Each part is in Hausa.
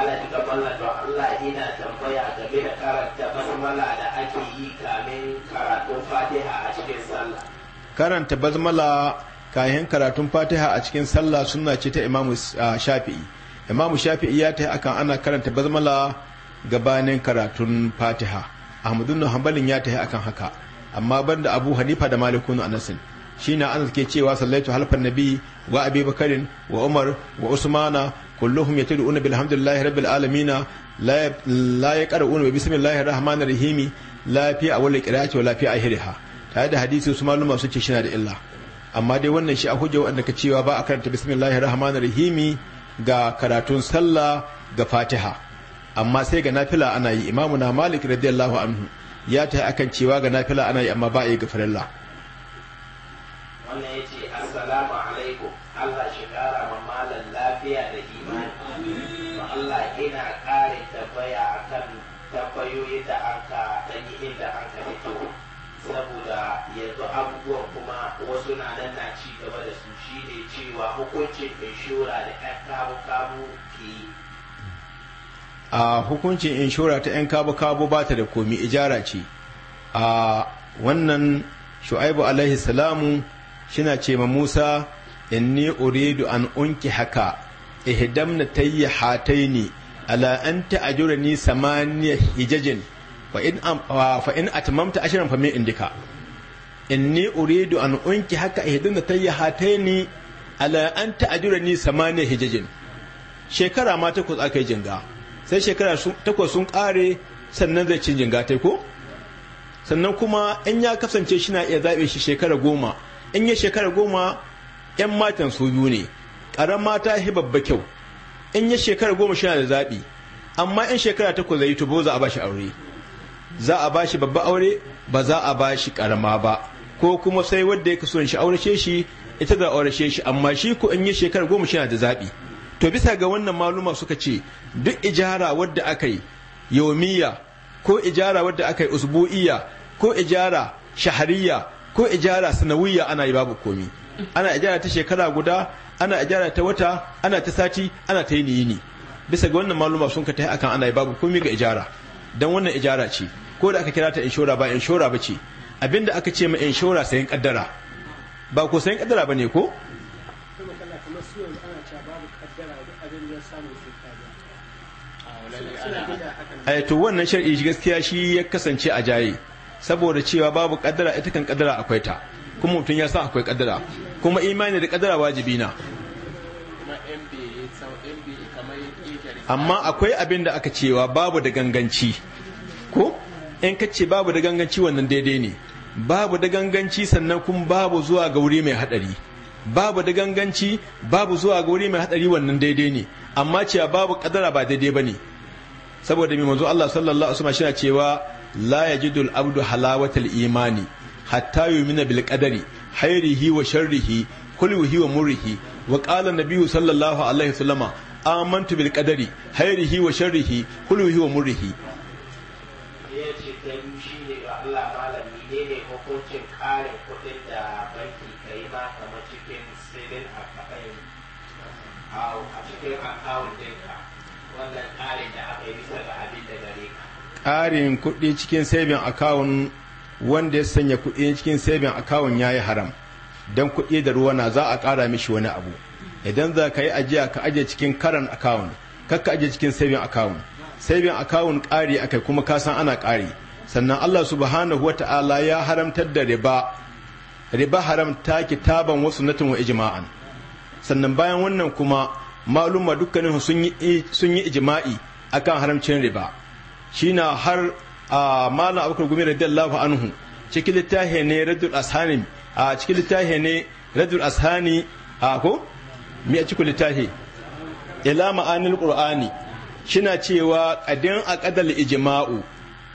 alati gaban don Allah ina tambaya game da karanta basmala da ake yi kamin karatun fatiha a cikin sallah karanta basmala kayan karatun fatiha a cikin sallah suna ce ta imamu uh, shafi'i imamu shafi'i ya ta akan ana karanta basmala gabanin karatun fatiha ahmadun hanbalin ya ta akan haka amma ban da abu hanifa da malikun anasin shi na ana ke cewa sallaitu halfan nabi wa abi bakarin wa umar wa usmana kulluhum yatad'una bilhamdulillahi rabbil alamin la la yaqra'una bismillahir rahmanir rahim la fi awwal qira'ati wala fi ahiriha tare da hadisi su maluma suke shi na da illa amma dai wannan shi a hujja wanda ka cewa ba a karanta bismillahir rahmanir rahim ga karatun sallah ga fatiha amma sai ga nafila ana yi imamu na malik radiyallahu anhu ya ta akan cewa ga nafila ana yi amma ba a yi ga farilla wannan ya ce assalamu alaikum Allah shi kara ma malam lafiya da imani ma Allah ina kare tabbaya kan tabbayoyi da an ka ɗanyihin da an ka fito saboda yanzu abubuwan kuma wasu na nan na ci gaba da su shi ne cewa hukuncin inshora da ƴan kabu-kabu ke yi a hukuncin inshora ta 'yan kabu-kabu ba ta da komi ijara ce a wannan shu'aibu alaihi salamu shina ce ma Musa inni uridu an unki haka ihdam na tayya hataini ala anta ajurani samaniya hijajin fa in fa in atmamta ashran fa min indika inni uridu an unki haka ihdam na tayya hataini ala anta ajurani samaniya hijajin shekara ma takwas aka yi jinga sai shekara takwas sun kare sannan zai cin jinga tai ko sannan kuma in ya kasance shi na iya zaɓe shi shekara goma in ya shekara goma yan matan su biyu ne ƙaran mata ya babba kyau in ya shekara goma shi da zaɓi amma in shekara takwas zai tubo za a bashi aure za a bashi babba aure ba za a ba shi ƙarama ba ko kuma sai wadda ya kaso shi aure shi ita da aure shi amma shi ko in ya shekara goma shi da zaɓi to bisa ga wannan maluma suka ce duk ijara wadda aka yi yaumiya ko ijara wadda aka yi usbu'iya ko ijara shahariya ko ijara sanawiya ana yi babu komi ana ijara ta shekara guda ana ijara ta wata ana ta sati ana ta yini yini bisa ga wannan maluma sun ka ta akan ana yi babu komi ga ijara dan wannan ijara ce ko da aka kira ta inshora ba inshora ba ce abinda aka ce ma inshora sayan kaddara ba ko sayan kaddara ba ne ko to wannan shari'i gaskiya shi ya kasance a jaye saboda cewa babu kaddara ita kan kaddara akwai ta kuma mutum ya san akwai kaddara kuma imani da kaddara wajibi na amma akwai abin da aka cewa babu da ganganci ko in ka ce babu da ganganci wannan daidai ne babu da ganganci sannan kuma babu zuwa ga wuri mai hadari babu da ganganci babu zuwa ga wuri mai hadari wannan daidai ne amma cewa babu kadara ba daidai bane saboda mai manzo Allah sallallahu alaihi wasallam cewa la yajidu al-abdu halawatal imani hatta yu'mina bilƙadari. qadari khairihi wa sharrihi kulwihi wa murrihi wa qala an-nabiy sallallahu alaihi wasallama amantu wa wa a cikin akawun dinka wannan ƙarin da aka yi bisa ga abin da gare ka ƙarin kuɗi cikin saving account wanda ya sanya kuɗi cikin saving account ya yi haram don kuɗi da ruwa na za a ƙara mishi wani abu idan za ka yi ajiya ka ajiye cikin current account kakka ajiye cikin saving account saving account ƙari akai kuma ka san ana ƙari sannan Allah subhanahu ta'ala ya haramtar da riba riba haramta kitaban wasu natin wa ijma'an sannan bayan wannan kuma maluma dukkanin sun yi ijima'i akan haramcin riba na har a malam abubakar gumi lafa anhu cikin littafi ne radul ashani a cikin littafi ne radul ashani a ko mi a cikin littafi ila ma'anil qur'ani shina cewa qadin aqdal ijma'u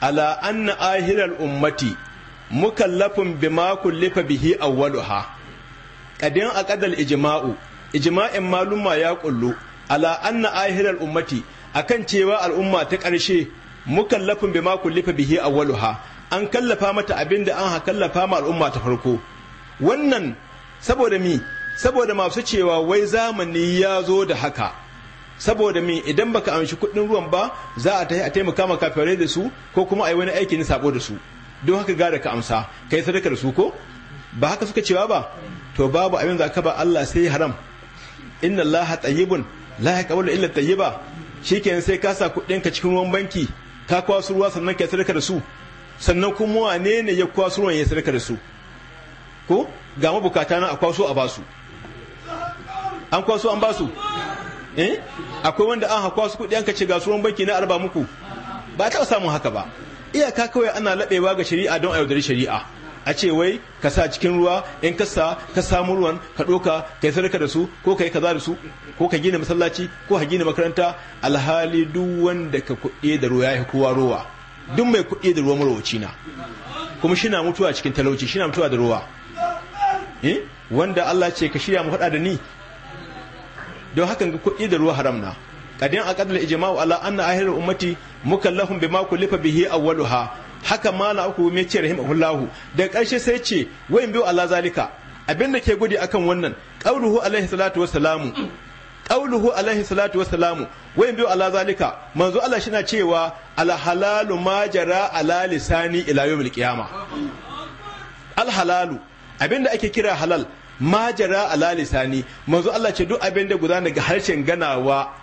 ala anna ahiral ummati mukallafun bima kullifa bihi awwaluha qadin aqdal ijma'u ijma'in maluma ya kullu ala anna ahiral ummati akan cewa al'umma ta ƙarshe mukallafin maku kullifa bihi awwaluha an kallafa mata abinda an kallafa ma al'umma ta farko wannan saboda mi saboda masu cewa wai zamani ya zo da haka saboda mi idan baka amshi kuɗin ruwan ba za a a taimaka maka fare da su ko kuma a yi wani aiki na sabo da su don haka gara ka amsa kai sadaka da su ko ba haka suka cewa ba to babu abin za aka ba Allah sai haram inna Allah tayyibun la yaqbalu illa tayyiba shikenan sai ka sa kuɗin ka cikin ruwan banki ka kwasu ruwa sannan ka sadaka da su sannan kuma wane ne ya kwasu ruwan ya sadaka da su ko ga mabukata na a kwaso a basu an kwaso an basu eh akwai wanda an hakwa su kudi an ka ce ga suwan banki na arba muku ba ta samun haka ba iyaka kawai ana labewa ga shari'a don a yaudari shari'a a ce wai ka sa cikin ruwa in ka sa ka samu ruwan ka ɗoka ka yi sadaka da su ko ka yi kaza da su ko ka gina masallaci ko ka gina makaranta alhali duk wanda ka kuɗe da ruwa ya kowa ruwa duk mai kuɗe da ruwa marowaci na kuma shi na mutuwa cikin talauci shi na mutuwa da ruwa eh? wanda Allah ce ka shirya mu faɗa da ni don hakan ga kuɗi da ruwa haram na kadin aqdal ijma'u ala anna ahirar ummati mukallafun bima kullifa bihi awwaluha haka ma na uku mai ce rahimahullahu daga karshe sai ce wa in biyu Allah zalika abin da ke gudi akan wannan qauluhu alaihi salatu wassalamu qauluhu alaihi salatu wassalamu wa in biyu Allah zalika manzo Allah shi na cewa al halalu ma jara ala lisani ila yawmil qiyama al halalu abin da ake kira halal ma jara ala lisani manzo Allah ce duk abin da guda daga harshen ganawa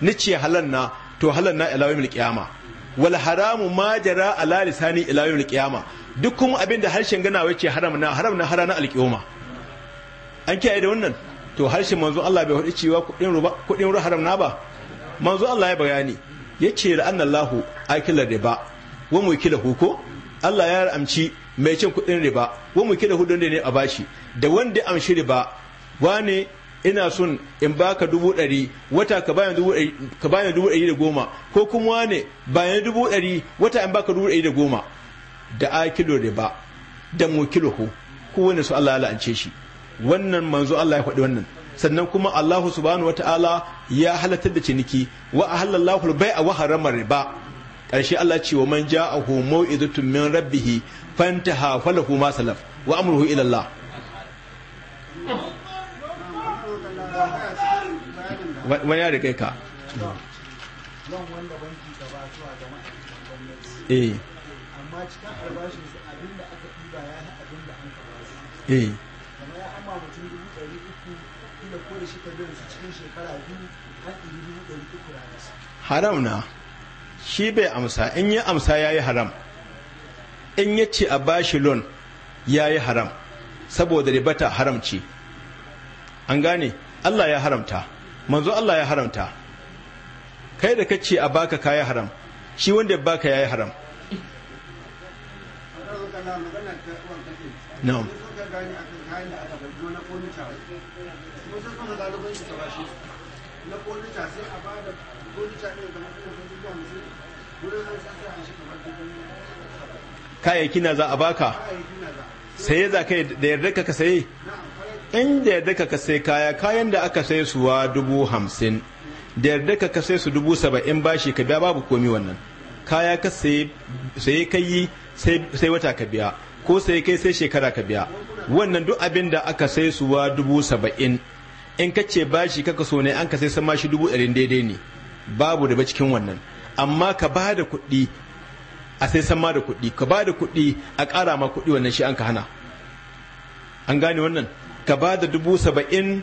ni ce halal na to halal na ila yawmil qiyama wal haramu ma jara ala lisani ila al qiyama duk kuma abin da harshen ganawa yace haram na haram na harana al-qiyama an kiyaye da wannan to harshen manzo Allah bai hudi cewa kudin ruba kudin ruba haram na ba manzo Allah ya bayani yace la annallahu akila riba wa mukila huko Allah ya amci mai cin kudin riba wa mukila hudun ne a bashi da wanda amshi riba wane ina son in baka dubu ɗari wata ka bayan dubu ɗari da goma ko kuma wane bayan dubu ɗari wata in baka dubu ɗari da goma da a kilo ba da mu kilo ko wani su Allah ya la'ance shi wannan manzo Allah ya faɗi wannan sannan kuma Allah subhanahu wataala ya halatta da ciniki wa ahallallahu al-bai'a wa harama riba karshe Allah ce wa man ja'ahu mau'izatun min rabbih fantaha falahu ma salaf wa amruhu ila Allah wani ya riga ka eh shi haram na shi bai amsa in ya amsa ya yi haram in ya ce a bashi loan ya yi haram saboda ribata haramci an gane Allah ya haramta manzo Allah ya haramta kai da kace a baka kaya haram shi wanda ya baka yayi haram na'am kayayyaki na za a baka saye za ka da yarda ka saye in da yarda ka sai kaya kayan da aka sai suwa dubu hamsin da yarda ka sai su dubu saba'in bashi ka biya babu komi wannan kaya ka saye ka yi sai wata ka biya ko sai kai sai shekara ka biya wannan duk abin da aka sai suwa dubu saba'in in ka ce bashi kaka so ne an ka sai sama shi dubu ɗarin daidai ne babu da ba cikin wannan amma ka ba da kuɗi a sai san ma da kuɗi ka ba da kuɗi a ƙara ma kuɗi wannan shi an ka hana an gane wannan ka ba da dubu saba'in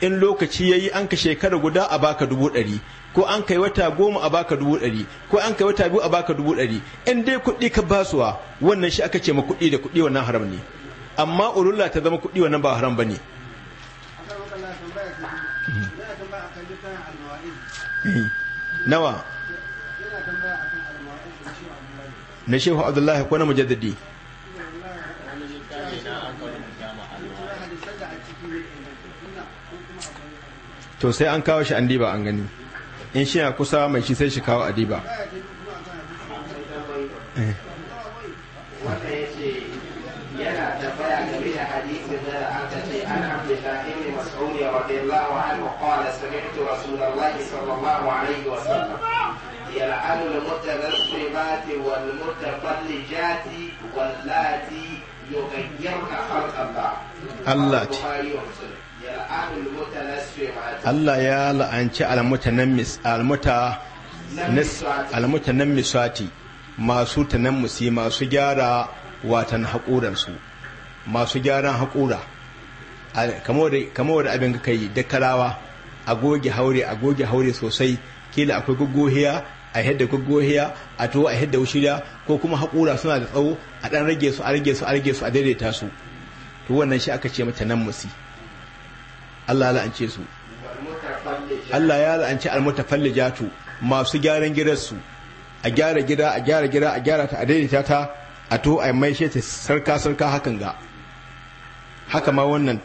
in lokaci ya yi an ka shekara guda a baka dubu ɗari ko an kai wata goma a baka dubu ɗari ko an kai wata biyu a baka dubu ɗari in dai kuɗi ka basuwa wannan shi aka ce ma kuɗi da kuɗi wannan haram ne amma ulula ta zama kuɗi wannan ba haram ba ne nawa na shehu abdullahi ko na mujaddadi to sai an kawo shi an an gani in shi kusa mai shi sai shi kawo a diba رضي الله عنه قال سمعت رسول الله صلى الله عليه وسلم يلعن المتنصبات والمتفلجات واللاتي يغيرن خلق الله الله Allah ya la'anci almutanammisati masu tanammusi masu gyara watan haƙuransu masu gyaran haƙura kamar da abin ka yi da karawa a goge haure a goge haure sosai kila akwai guguhiya a yadda gaggohiya a to a yadda wushirya ko kuma haƙura suna da tsawo a ɗan rage su a rage su a rage su a daidaita su to wannan shi aka ce mata nan musi Allah ya la'ance su Allah ya la'anci almutafallijatu masu gyaran gidan su a gyara gida a gyara gida a gyara ta a daidaita ta a to a shi ta sarka sarka hakan ga haka ma wannan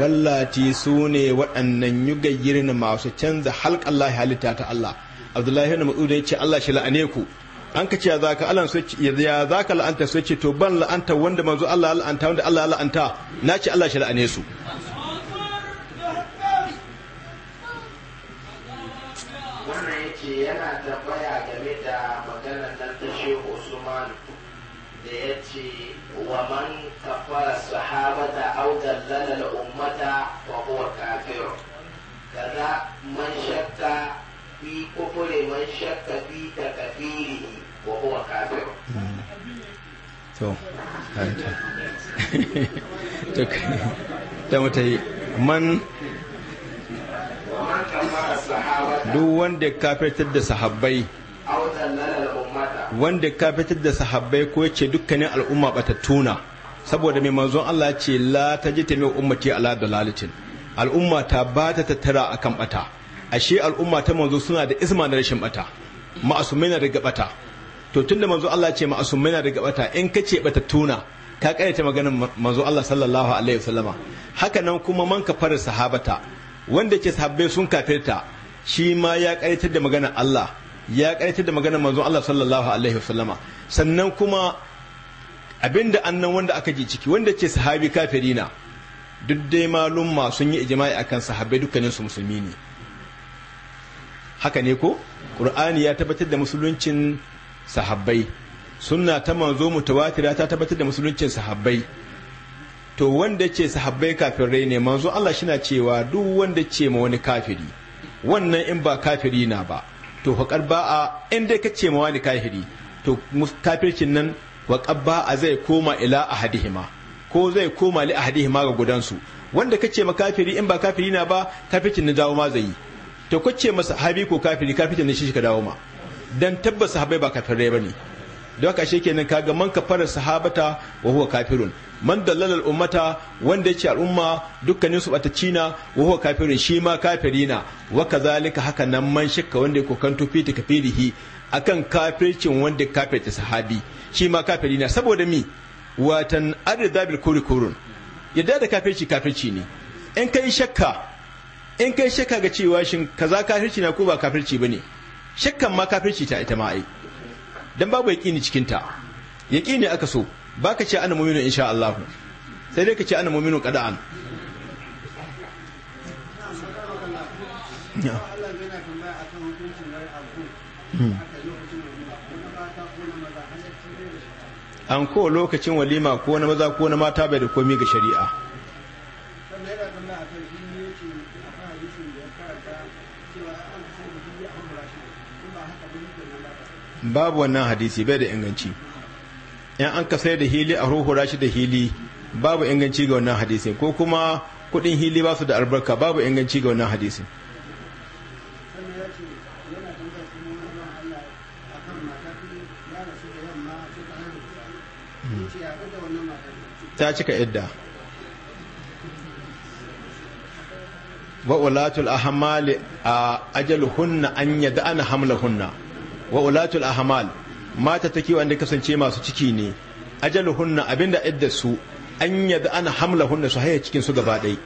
wallati su ne waɗannan yugayyir na masu canza halƙar lahi halitta ta Allah abdullahi ibn mas'ud ya ce Allah shi la'ane ku an ka ce ya zaka Allah ya zaka la'anta so ce to ban la'anta wanda manzo Allah la'anta wanda Allah la'anta na ce Allah shi la'ane su wannan yana game da Usman da wa أمر الصحابة أو دلل الأمة وهو كافر كذا من شك في كفر من شك في تكفيره وهو كافر to ta yi, man duk wanda kafetar da sahabbai wanda kafetar da sahabbai ko yace dukkanin al'umma batattuna saboda mai manzon Allah ce la ta ji taimai ummati ala dalalatin al'umma ta ba ta tattara akan bata ashe al'umma ta manzo suna da isma da rashin bata ma'asumai na daga bata to tunda manzo Allah ce ma'asumai na daga bata in kace bata tuna ka karyata maganar manzo Allah sallallahu alaihi wasallama haka nan kuma man ka fara sahabata wanda ke sahabbai sun kafirta shi ma ya karyatar da maganar Allah ya karyatar da maganar manzo Allah sallallahu alaihi wasallama sannan kuma abinda annan wanda aka ji ciki wanda ce sahabi kafiri na duk dai ma sun yi ijma'i akan sahabbai dukkanin su musulmi ne haka ne ko ƙur'ani ya tabbatar da musuluncin sahabbai sunna ta manzo mutawatira ta tabbatar da musuluncin sahabbai to wanda ce sahabbai kafirai ne manzo Allah shina cewa duk wanda ce ma wani kafiri wannan in ba kafiri na ba to fakar ba a in dai ka ce ma wani kafiri to kafircin nan wa ƙabba a zai koma ila ahadihima ko zai koma li ahadihima ga gudansu wanda kace ma kafiri in ba kafiri na ba kafirin na dawo ma zai to kace masa sahabi ko kafiri kafirin ne shi ka dawo ma dan tabbas sahabai ba kafirai bane don haka kenan kaga man kafara sahabata wa huwa kafirun man dallala ummata wanda yace al'umma dukkanin su bata cina wa huwa kafirun shi ma kafirina wa kazalika haka nan man shakka wanda kan kokanto fi kafirihi akan kafircin wanda kafirta sahabi shi ma kafiri ne saboda mi watan adil bil kuri kurun yadda da kafirci kafirci ne in kai shakka in kai shakka ga cewa shin kaza kafirci na ko ba kafirci bane shakkan ma kafirci ta ita ma ai dan babu yaqini cikin ta yaqini aka so baka ce ana mu'minu insha Allah sai dai ka ce ana mu'minu qada'an Yeah. an ko lokacin walima ko na maza ko na mata bai da komi ga shari'a babu wannan hadisi bai da inganci in an ka sai da hili a ruhu rashi da hili babu inganci ga wannan hadisi ko kuma kudin hili ba su da albarka babu inganci ga wannan hadisi ta cika idda wa ulatul ahmal a ajaluhunna an yad'ana hamlahunna wa ulatul ahmal mata take wanda kasance masu ciki ne ajaluhunna abinda iddasu an yad'ana hamlahunna su haye cikin su gaba ɗaya